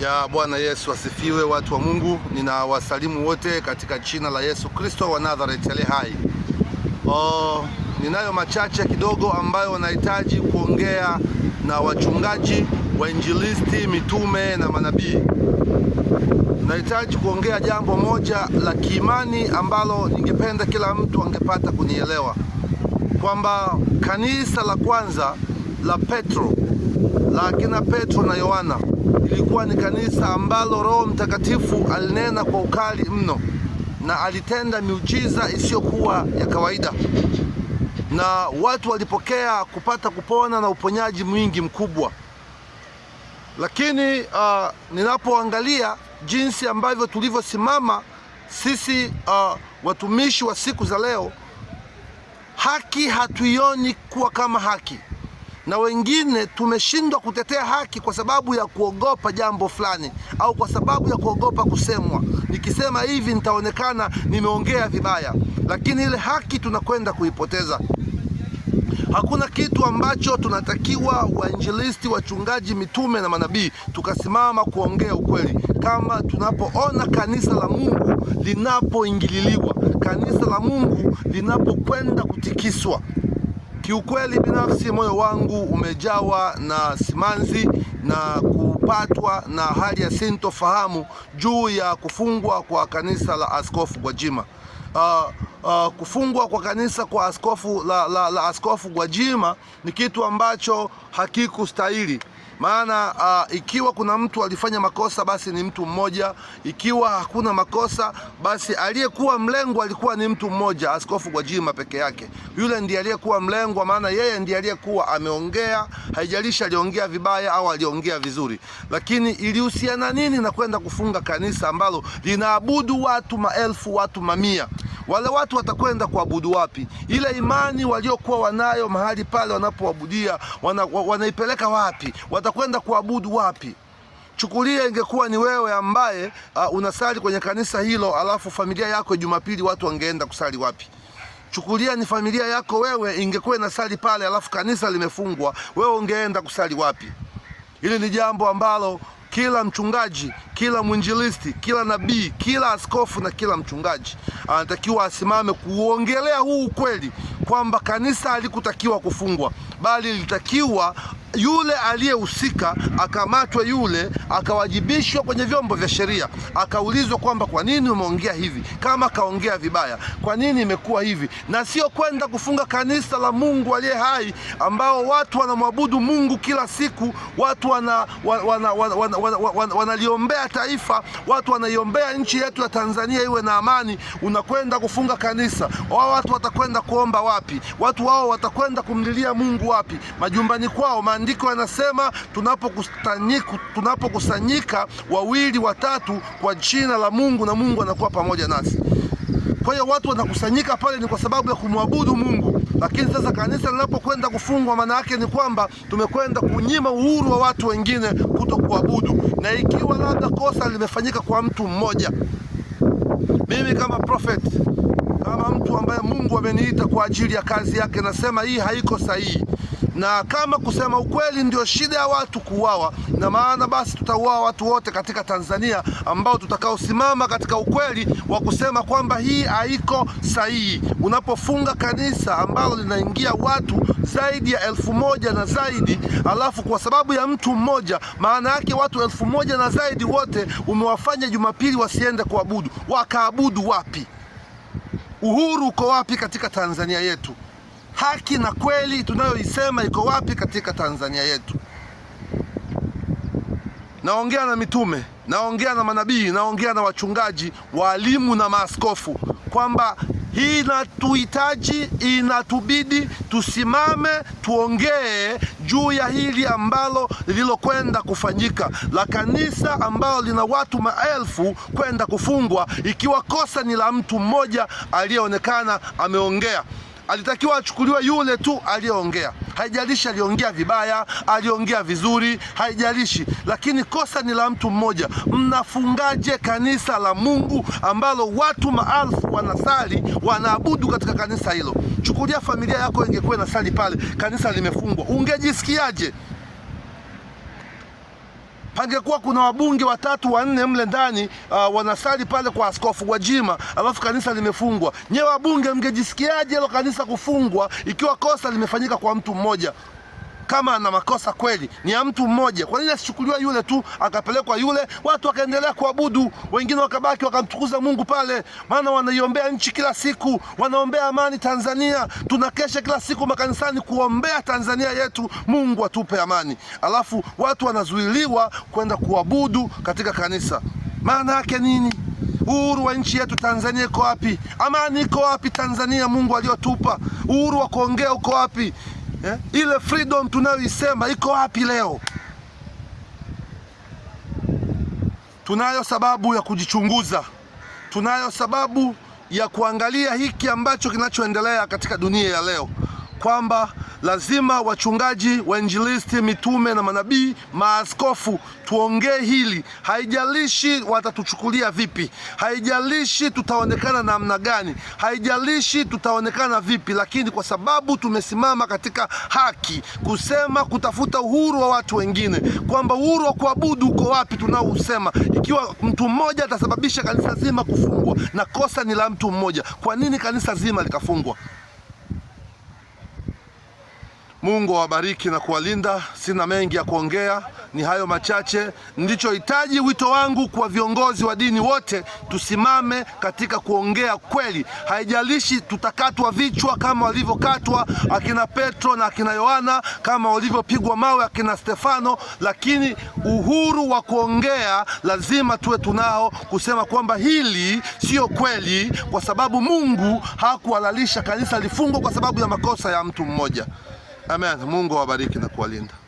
ya Bwana Yesu asifiwe. Watu wa Mungu, ninawasalimu wote katika jina la Yesu Kristo wa Nazareti ale hai. Oh, ninayo machache kidogo ambayo wanahitaji kuongea na wachungaji, wainjilisti, mitume na manabii. Nahitaji kuongea jambo moja la kiimani ambalo ningependa kila mtu angepata kunielewa kwamba kanisa la kwanza la Petro la akina Petro na Yohana ilikuwa ni kanisa ambalo Roho Mtakatifu alinena kwa ukali mno na alitenda miujiza isiyokuwa ya kawaida, na watu walipokea kupata kupona na uponyaji mwingi mkubwa. Lakini uh, ninapoangalia jinsi ambavyo tulivyosimama sisi uh, watumishi wa siku za leo, haki hatuioni kuwa kama haki na wengine tumeshindwa kutetea haki kwa sababu ya kuogopa jambo fulani, au kwa sababu ya kuogopa kusemwa. Nikisema hivi nitaonekana nimeongea vibaya, lakini ile haki tunakwenda kuipoteza. Hakuna kitu ambacho tunatakiwa wainjilisti, wachungaji, mitume na manabii tukasimama kuongea ukweli, kama tunapoona kanisa la Mungu linapoingililiwa, kanisa la Mungu linapokwenda kutikiswa. Kiukweli binafsi moyo wangu umejawa na simanzi na kupatwa na hali ya sintofahamu juu ya kufungwa kwa kanisa la Askofu Gwajima. Uh, uh, kufungwa kwa kanisa kwa askofu la, la, la Askofu Gwajima ni kitu ambacho hakikustahili maana uh, ikiwa kuna mtu alifanya makosa basi ni mtu mmoja, ikiwa hakuna makosa basi aliyekuwa mlengwa alikuwa ni mtu mmoja, Askofu Gwajima peke yake. Yule ndiye aliyekuwa mlengwa, maana yeye ndiye aliyekuwa ameongea, haijalishi aliongea vibaya au aliongea vizuri, lakini ilihusiana nini na kwenda kufunga kanisa ambalo linaabudu watu maelfu, watu mamia? Wale watu watakwenda kuabudu wapi? Ile imani waliokuwa wanayo mahali pale wanapoabudia wanaipeleka wana, wapi? Wata atakwenda kuabudu wapi? Chukulia ingekuwa ni wewe ambaye uh, unasali kwenye kanisa hilo, alafu familia yako Jumapili watu wangeenda kusali wapi? Chukulia ni familia yako wewe ingekuwa inasali pale, alafu kanisa limefungwa, wewe ungeenda kusali wapi? Hili ni jambo ambalo kila mchungaji, kila mwinjilisti, kila nabii, kila askofu na kila mchungaji anatakiwa asimame kuongelea huu ukweli kwamba kanisa halikutakiwa kufungwa, bali lilitakiwa yule aliyehusika akamatwe, yule akawajibishwa kwenye vyombo vya sheria, akaulizwa kwamba kwa nini umeongea hivi, kama kaongea vibaya, kwa nini imekuwa hivi, na sio kwenda kufunga kanisa la Mungu aliye hai, ambao watu wanamwabudu Mungu kila siku, watu wanaliombea wana, wana, wana, wana, wana, wana taifa, watu wanaiombea nchi yetu ya Tanzania iwe na amani. Unakwenda kufunga kanisa, wao watu watakwenda kuomba wapi? Watu wao watakwenda kumlilia Mungu wapi? Majumbani kwao maandiko yanasema tunapokusanyika, tunapokusanyika wawili watatu kwa jina la Mungu, na Mungu anakuwa pamoja nasi. Kwa hiyo watu wanakusanyika pale ni kwa sababu ya kumwabudu Mungu, lakini sasa kanisa linapokwenda kufungwa, maana yake ni kwamba tumekwenda kunyima uhuru wa watu wengine kuto kuabudu, na ikiwa labda kosa limefanyika kwa mtu mmoja, mimi kama prophet, kama mtu ambaye Mungu ameniita kwa ajili ya kazi yake, nasema hii haiko sahihi na kama kusema ukweli ndio shida ya watu kuuawa, na maana basi tutauawa watu wote katika Tanzania ambao tutakaosimama katika ukweli wa kusema kwamba hii haiko sahihi. Unapofunga kanisa ambalo linaingia watu zaidi ya elfu moja na zaidi, alafu kwa sababu ya mtu mmoja, maana yake watu elfu moja na zaidi wote umewafanya Jumapili wasiende kuabudu. Wakaabudu wapi? Uhuru uko wapi katika Tanzania yetu? haki na kweli tunayoisema iko wapi katika Tanzania yetu? Naongea na mitume, naongea na manabii, naongea na wachungaji, walimu na maaskofu kwamba hii inatuhitaji, inatubidi tusimame, tuongee juu ya hili ambalo lililokwenda kufanyika la kanisa ambalo lina watu maelfu kwenda kufungwa, ikiwa kosa ni la mtu mmoja aliyeonekana ameongea alitakiwa achukuliwe yule tu aliyeongea. Haijalishi aliongea vibaya, aliongea vizuri, haijalishi, lakini kosa ni la mtu mmoja. Mnafungaje kanisa la Mungu ambalo watu maalfu wanasali wanaabudu katika kanisa hilo? Chukulia familia yako ingekuwa inasali pale, kanisa limefungwa, ungejisikiaje? angekuwa kuna wabunge watatu wanne mle ndani uh, wanasali pale kwa askofu Gwajima, alafu kanisa limefungwa. Nyewe wabunge mngejisikiaje hilo kanisa kufungwa ikiwa kosa limefanyika kwa mtu mmoja? kama ana makosa kweli ni ya mtu mmoja, kwa nini asichukuliwa yule tu akapelekwa yule, watu wakaendelea kuabudu, wengine wakabaki wakamtukuza Mungu pale? Maana wanaiombea nchi kila siku, wanaombea amani Tanzania, tunakesha kila siku makanisani kuombea Tanzania yetu, Mungu atupe amani, alafu watu wanazuiliwa kwenda kuabudu katika kanisa. Maana yake nini? Uhuru wa nchi yetu Tanzania iko wapi? Amani iko wapi Tanzania? Mungu aliyotupa uhuru wa kuongea uko wapi? eh? Ile freedom tunayoisema iko wapi leo? Tunayo sababu ya kujichunguza, tunayo sababu ya kuangalia hiki ambacho kinachoendelea katika dunia ya leo kwamba lazima wachungaji, wainjilisti, mitume na manabii, maaskofu tuongee hili. Haijalishi watatuchukulia vipi, haijalishi tutaonekana namna gani, haijalishi tutaonekana vipi, lakini kwa sababu tumesimama katika haki, kusema kutafuta uhuru wa watu wengine, kwamba uhuru wa kuabudu uko wapi tunaousema. Ikiwa mtu mmoja atasababisha kanisa zima kufungwa na kosa ni la mtu mmoja, kwa nini kanisa zima likafungwa? Mungu awabariki na kuwalinda. Sina mengi ya kuongea, ni hayo machache. Ndichohitaji wito wangu kwa viongozi wa dini wote, tusimame katika kuongea kweli, haijalishi tutakatwa vichwa kama walivyokatwa akina Petro na akina Yohana, kama walivyopigwa mawe akina Stefano, lakini uhuru wa kuongea lazima tuwe tunao, kusema kwamba hili sio kweli, kwa sababu Mungu hakuhalalisha kanisa lifungwe kwa sababu ya makosa ya mtu mmoja. Amen. Mungu awabariki na kuwalinda.